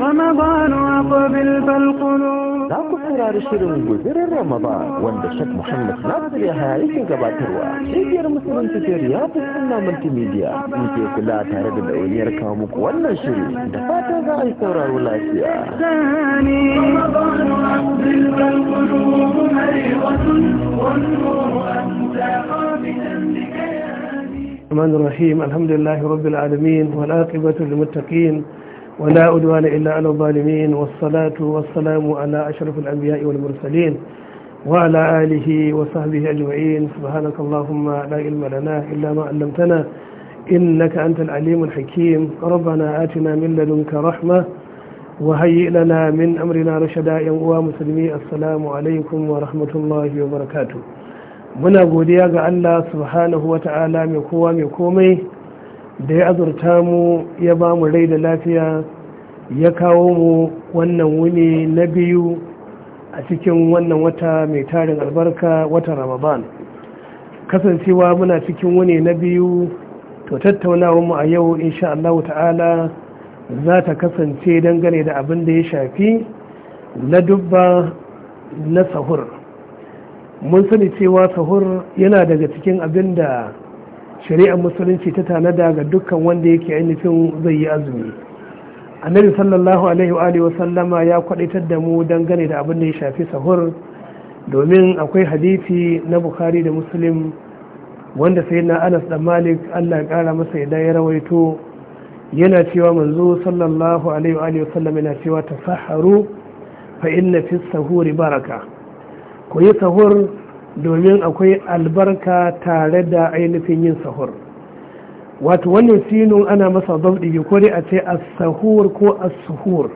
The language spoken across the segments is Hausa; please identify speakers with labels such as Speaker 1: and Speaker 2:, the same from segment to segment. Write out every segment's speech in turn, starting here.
Speaker 1: رمضان وقبل
Speaker 2: فالقلوب لا كفر رشد وزر رمضان وان الشيخ محمد نابد يا يكن قبع تروى ايدي رمسل انت في رياض السنة من تميديا انتي كلا تارد الاولير كامك وانا شري دفاتا غاي سورا ولاسيا رمضان وقبل فالقلوب مريضة والنور أنت قابل الرحمن الرحيم الحمد لله رب العالمين والعاقبة للمتقين ولا عدوان إلا على الظالمين والصلاة والسلام على أشرف الأنبياء والمرسلين وعلى آله وصحبه أجمعين سبحانك اللهم لا علم لنا إلا ما علمتنا إنك أنت العليم الحكيم ربنا آتنا من لدنك رحمة وهيئ لنا من أمرنا رشدا يا مسلمي السلام عليكم ورحمة الله وبركاته muna godiya ga Allah subhanahu wa ta'ala mai kowa mai komai da ya azurta mu ya ba mu rai da lafiya ya kawo mu wannan wuni na biyu a cikin wannan wata mai tarin albarka wata ramadan kasancewa muna cikin wuni na biyu to tattaunawar mu a yau insha Allah ta'ala za ta kasance dangane da abin da ya shafi na dubba na sahur mun sani cewa sahur yana daga cikin abin da shari'ar musulunci ta tanada ga dukkan wanda yake ainihin zai yi azumi annabi sallallahu alaihi wa alihi sallama ya kwadaitar da mu dangane da abin da ya shafi sahur domin akwai hadisi na bukhari da muslim wanda sai na anas da malik allah ya kara masa ya ya rawaito yana cewa manzo sallallahu alaihi wa alihi yana cewa tasaharu fa inna fi sahuri baraka ku yi sahur domin akwai albarka tare da ainihin yin sahur wato wannan sinun ana masa zaɓi ko dai a ce a sahur ko a suhur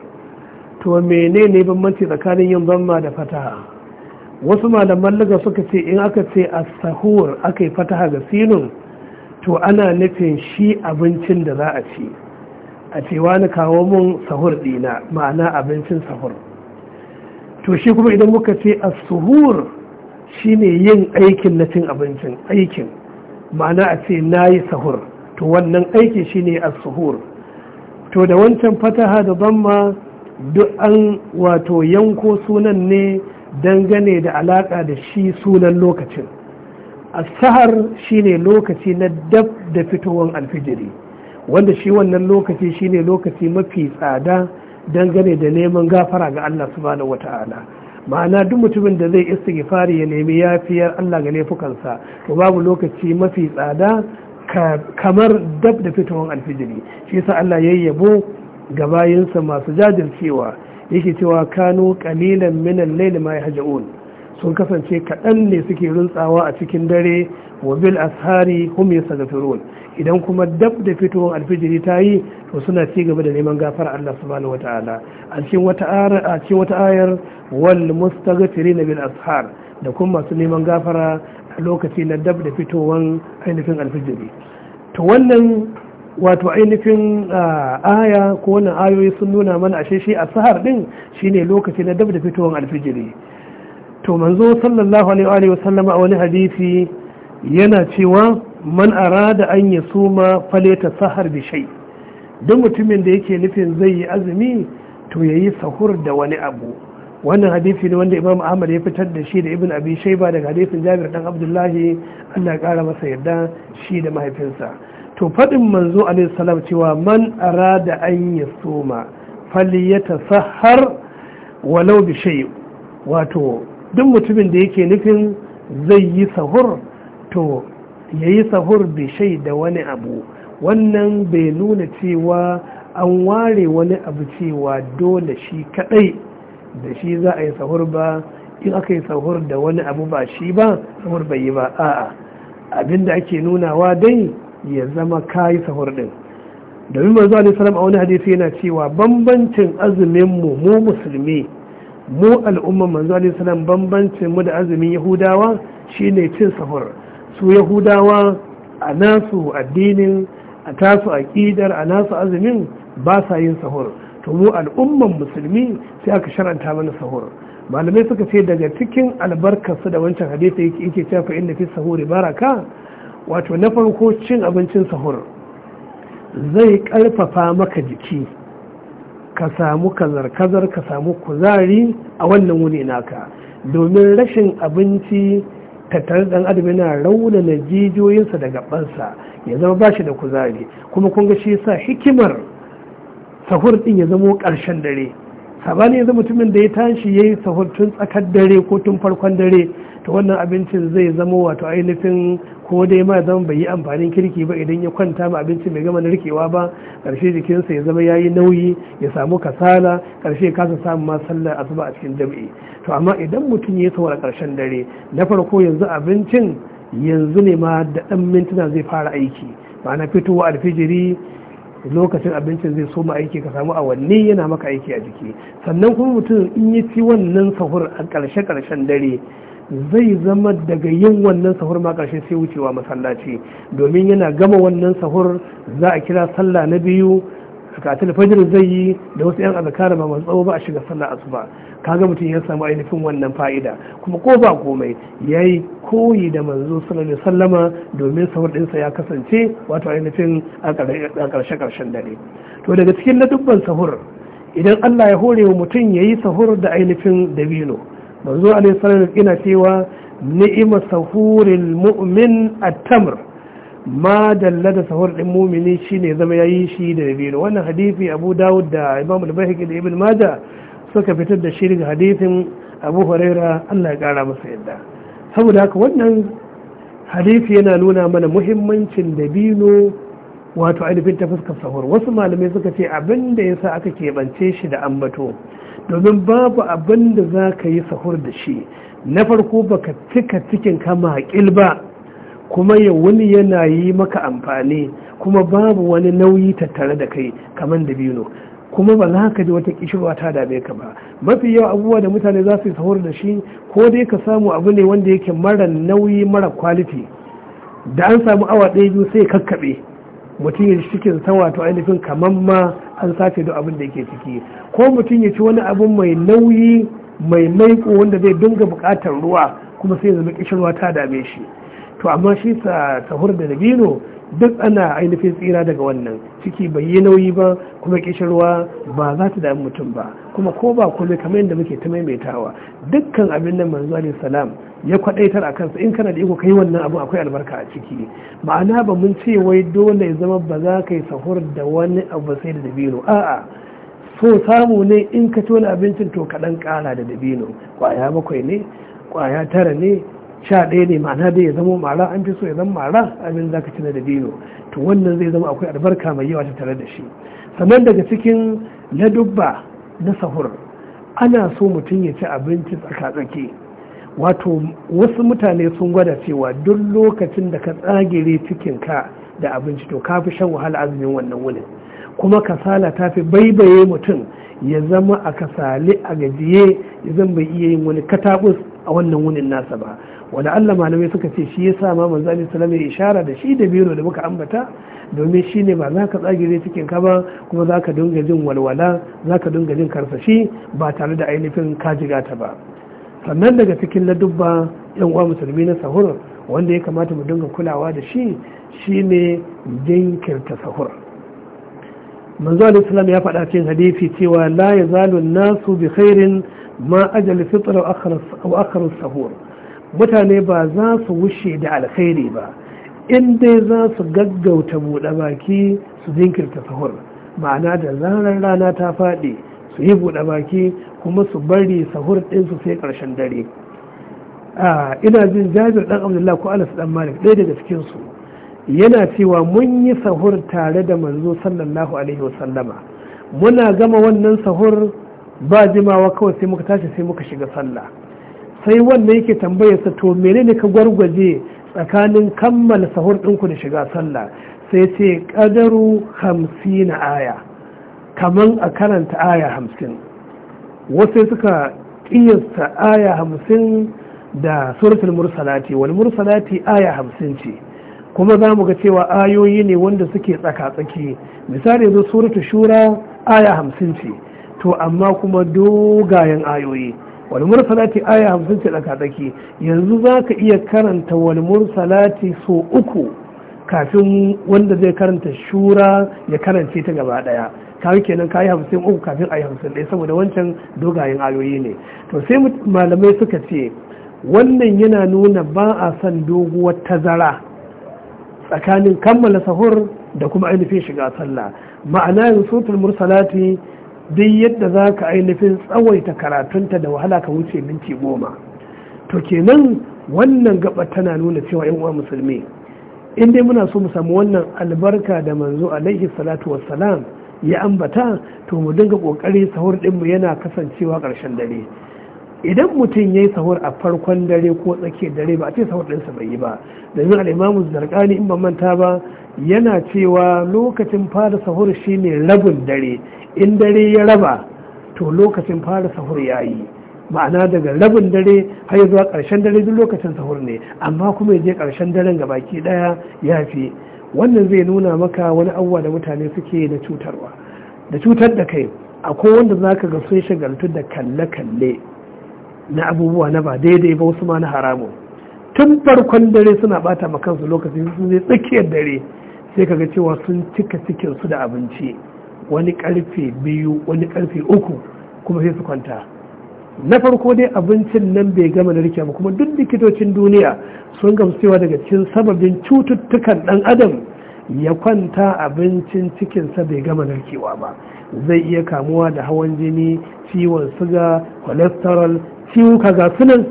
Speaker 2: to menene bambanci tsakanin yin zama da fataha wasu malaman laga suka ce in aka ce a sahur aka yi fataha ga sinun to ana nufin shi abincin da za a ci a ce wani kawo mun sahur dina ma'ana abincin sahur to shi kuma idan muka ce a suhur shine yin aikin na cin abincin aikin ma'ana a ce na yi sahur to wannan aiki shine a suhur to da wancan fataha da bamma duk an wato yanko sunan ne dangane da alaka da shi sunan lokacin a sahar shine lokaci na dab da fitowar alfijiri wanda shi wannan lokaci shine lokaci mafi tsada dangane da neman gafara ga allah subhanahu wata'ala ma'ana duk mutumin da zai istighfari ya nemi yafiyar Allah ga laifukansa to babu lokaci mafi tsada kamar dab da fitowar alfijiri shi yasa Allah ya yabo ga bayansa masu jajircewa yake cewa kano kalilan minan laili ma yahjaun sun kasance kaɗan ne suke runtsawa a cikin dare wa bil ashari hum yastaghfirun idan kuma dab da fitowar alfijiri ta yi to suna ci gaba da neman gafara Allah subhanahu wa ta'ala a cikin wata ayar wal mustaghfirin bil ashar da kuma masu neman gafara a lokaci na dab da fitowar ainihin alfijiri to wannan wato ainihin aya ko wannan ayoyi sun nuna mana ashe shi ashar din shine lokaci na dab da fitowar alfijiri to manzo sallallahu alaihi wa sallama a wani hadisi yana cewa man arada an ya suma faleta sahar da shai duk mutumin da yake nufin zai yi azumi to ya yi sahur da wani abu wannan hadisi ne wanda imam ahmad ya fitar da shi da ibn abi ba daga hadisin jabir dan abdullahi allah kara masa yarda shi da mahaifinsa to faɗin manzo alaihi salam cewa man arada an ya suma faliyata sahar walau bi shai wato duk mutumin da yake nufin zai yi sahur to ya yi sahur bishai da wani abu wannan bai nuna cewa an ware wani abu cewa dole shi kadai da shi za a yi sahur ba in aka yi sahur da wani abu ba shi ba sahur bai yi ba a'a abinda ake nunawa dai ya zama kayi sahur din domin manzo alaihi salam a wani hadisi yana cewa bambancin azumin mu mu musulmi mu al'umma manzo alaihi salam bambancin mu da azumin yahudawa shine cin sahur su yahudawa a nasu addinin a tasu aƙidar a nasu azumin ba sa yin sahur to mu al'umman musulmi sai aka sharanta mana sahur malamai suka ce daga cikin albarkarsu da wancan hadisa yake cewa inda fi sahuri baraka wato na farko cin abincin sahur zai karfafa maka jiki ka samu kazar-kazar ka samu kuzari a wannan wuni naka domin rashin abinci tattare dan adam yana raunana jijiyoyinsa da gabansa ya zama bashi da kuzari kuma kun ga shi yasa hikimar sahur din ya zamo ƙarshen dare sabani yanzu mutumin da ya tashi ya yi tun tsakar dare ko tun farkon dare to wannan abincin zai zama wato ainihin ko dai ma zama bai yi amfanin kirki ba idan ya kwanta ma abincin bai gama narkewa ba karshe jikinsa ya zama ya yi nauyi ya samu kasala karshe kasa samu ma sallar asuba a cikin jami'i to amma idan mutum ya saura karshen dare na farko yanzu abincin yanzu ne ma da dan mintuna zai fara aiki ma'ana fitowa alfijiri lokacin abincin zai soma aiki ka samu awanni yana maka aiki a jiki sannan kuma mutum in yi ci wannan sahur a ƙarshe ƙarshen dare zai zama daga yin wannan sahur ma ƙarshe sai wucewa masallaci domin yana gama wannan sahur za a kira sallah na biyu katil fajr zai yi da wasu yan azkara ba masu tsawo ba a shiga sallar asuba kaga mutum ya samu ainihin wannan fa'ida kuma ko ba komai yayi koyi da manzo sallallahu alaihi wasallama domin sahur ɗinsa ya kasance wato ainihin a karshe karshen dare to daga cikin na dubban sahur idan Allah ya hore wa mutum ya yi sahur da ainihin dabino manzo alaihi sallallahu yana cewa ni'ima sahuril mu'min at-tamr ma dalla da sahur din mumini shine zama yayi shi da dabino wannan hadisi Abu Dawud da Imam Al-Baihaqi da Ibn Majah suka fitar da shi daga hadisin Abu Huraira Allah ya kara masa yadda saboda haka wannan hadisi yana nuna mana muhimmancin dabino wato ainihin ta fuskar sahur wasu malamai suka ce abinda da yasa aka keɓance shi da ambato domin babu abinda da za ka yi sahur da shi na farko baka cika cikin kama haƙil ba kuma ya wani yana yi maka amfani kuma babu wani nauyi tattare da kai kamar da biyu kuma ba za ka ji wata kishirwa ta dame ka ba mafi yawa abubuwa da mutane za su yi sahur da shi ko dai ka samu abu ne wanda yake mara nauyi mara kwaliti da an samu awa ɗaya biyu sai kakkaɓe mutum ya cikin sawa wato ainihin kamar ma an sace duk abin da yake ciki ko mutum ya ci wani abu mai nauyi mai maiko wanda zai dinga buƙatar ruwa kuma sai ya zama kishirwa ta dame shi to amma shi sahur da dabino duk ana ainihin tsira daga wannan ciki bai yi nauyi ba kuma kishirwa ba za ta dami mutum ba kuma ko ba kome kamar yadda muke ta maimaitawa dukkan abin nan manzo salam ya kwadaitar a kansa in kana da iko kai wannan abu akwai albarka a ciki ma'ana ba mun ce wai dole ya zama ba za ka yi sahur da wani abu sai da dabino a'a so samu ne in ka tona abincin to kaɗan ƙara da dabino kwaya bakwai ne kwaya tara ne sha ɗaya ne ma'ana dai ya zama mara an fi so ya zama mara abin za ka ci da dino to wannan zai zama akwai albarka mai yawa ta tare da shi sannan daga cikin ladubba na sahur ana so mutum ya ci abinci tsaka-tsaki wato wasu mutane sun gwada cewa duk lokacin da ka tsagire ka da abinci to ka fi shan wahala azumin wannan wunin kuma kasala ta fi baibaye mutum ya zama a kasale a gajiye ya bai iya yin wani katabus a wannan wunin nasa ba wani allah malamai suka ce shi yasa ma manzo alaihi salam ya ishara da shi da biro da muka ambata domin shi ne ba za ka tsagire cikin ka ba kuma za ka dinga jin walwala za ka dinga jin karsashi ba tare da ainihin kajiga ta ba sannan daga cikin ladubba yan uwa musulmi na sahur wanda ya kamata mu dinga kulawa da shi shine jinkirta sahur manzo alaihi salam ya faɗa cikin hadisi cewa la yazalu nasu bi khairin ma ajal fitra aw sahur mutane ba za su wushe da alkhairi ba in dai za su gaggauta buɗe baki su jinkirta sahur ma'ana da zarar rana ta faɗi su yi buɗe baki kuma su bari sahur ɗinsu sai ƙarshen dare ina jin jabir ɗan abdullahi ko alas ɗan malik ɗaya daga cikinsu yana cewa mun yi sahur tare da manzo sallallahu alaihi wasallama muna gama wannan sahur ba jimawa kawai sai muka tashi sai muka shiga sallah sai wannan yake tambayarsa to menene ka gwargwaje tsakanin kammala sahur ɗinku da shiga sallah sai ce ƙadaru hamsin aya kaman a karanta aya hamsin wasu suka ƙiyasta aya hamsin da suratul mursalati wal mursalati aya hamsin ce kuma za mu ga cewa ayoyi ne wanda suke tsaka-tsaki misali zo suratul shura aya hamsin ce to amma kuma dogayen ayoyi wani mursalati aya hamsin ce daga tsaki yanzu zaka iya karanta wani mursalati so uku kafin wanda zai karanta shura ya karance ta gaba daya kawai kenan kayi hamsin uku kafin ayi hamsin ɗaya saboda wancan dogayen ayoyi ne to sai malamai suka ce wannan yana nuna ba a son doguwar tazara tsakanin kammala sahur da kuma ainihin shiga sallah ma'ana yin sutul mursalati duk yadda za ka ainihin tsawaita karatunta da wahala ka wuce minti goma to kenan wannan gaba tana nuna cewa yan uwa musulmi in dai muna so mu samu wannan albarka da manzo alaihi salatu wassalam ya ambata to mu dinga kokari sahur din mu yana kasancewa karshen dare idan mutum ya yi sahur a farkon dare ko tsakiyar dare ba a ce sahur ɗinsa bai yi ba domin al'imamu zarkani in ba manta ba yana cewa lokacin fara sahur shine rabin dare in dare ya raba to lokacin fara sahur ya yi ma'ana daga rabin dare har zuwa ƙarshen dare duk lokacin sahur ne amma kuma ya je ƙarshen daren ga baki ɗaya ya fi wannan zai nuna maka wani abubuwa da mutane suke na cutarwa da cutar da kai akwai wanda zaka ga sun shagaltu da kalle-kalle na abubuwa na ba daidai ba wasu ma na haramun tun farkon dare suna bata ma kansu lokacin sun je tsakiyar dare sai kaga cewa sun cika cikin su da abinci wani karfe biyu wani karfe uku kuma sai su kwanta na farko dai abincin nan bai gama da ba kuma duk likitocin duniya sun gamsewa daga cikin sababin cututtukan dan adam ya kwanta abincin cikinsa bai gama narkewa ba zai iya kamuwa da hawan jini ciwon suga cholesterol ciwo kaza sunan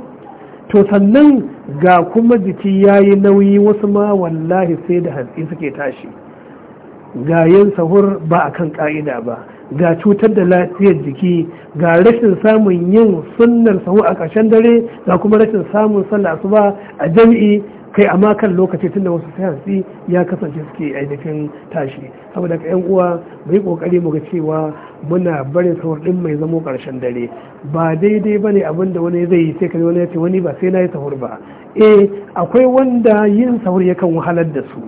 Speaker 2: to sannan ga kuma jiki ya yi nauyi wasu ma wallahi sai da hantsi suke tashi ga yin sahur ba a kan ƙa'ida ba ga cutar da lafiyar jiki ga rashin samun yin sunnar sahu a ƙarshen dare ga kuma rashin samun sallah asuba a jami'i kai amma kan lokaci da wasu sayansi ya kasance suke ainihin tashi saboda ka yan uwa mu yi kokari mu ga cewa muna barin sahur din mai zamo karshen dare ba daidai ba abin da wani zai yi sai ka wani ya ce wani ba sai na yi sahur ba eh akwai wanda yin sahur yakan wahalar da su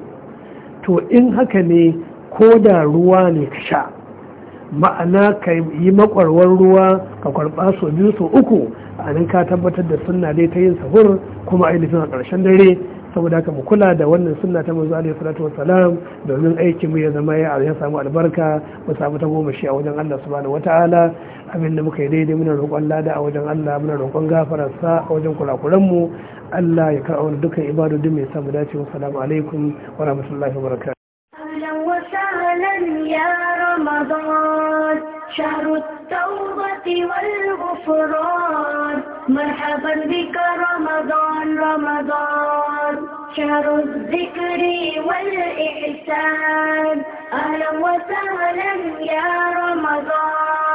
Speaker 2: to in haka ne ko da ruwa ne ka sha ma'ana ka yi makwarwar ruwa ka kwarba so biyu so uku a nan ka tabbatar da sunna dai ta yin sahur kuma ainihin a ƙarshen dare saboda haka mu kula da wannan sunna ta manzo alaihi salatu wassalam domin aikin mu ya zama ya ya samu albarka mu samu ta goma shi a wajen Allah subhanahu wataala abin da muka yi daidai muna roƙon lada a wajen Allah muna roƙon gafararsa a wajen kurakuran mu Allah ya karɓa dukkan ibadu mai samu wa salamu alaikum wa rahmatullahi wa شهر التوبة والغفران مرحبا بك رمضان رمضان شهر الذكر والإحسان أهلا وسهلا يا رمضان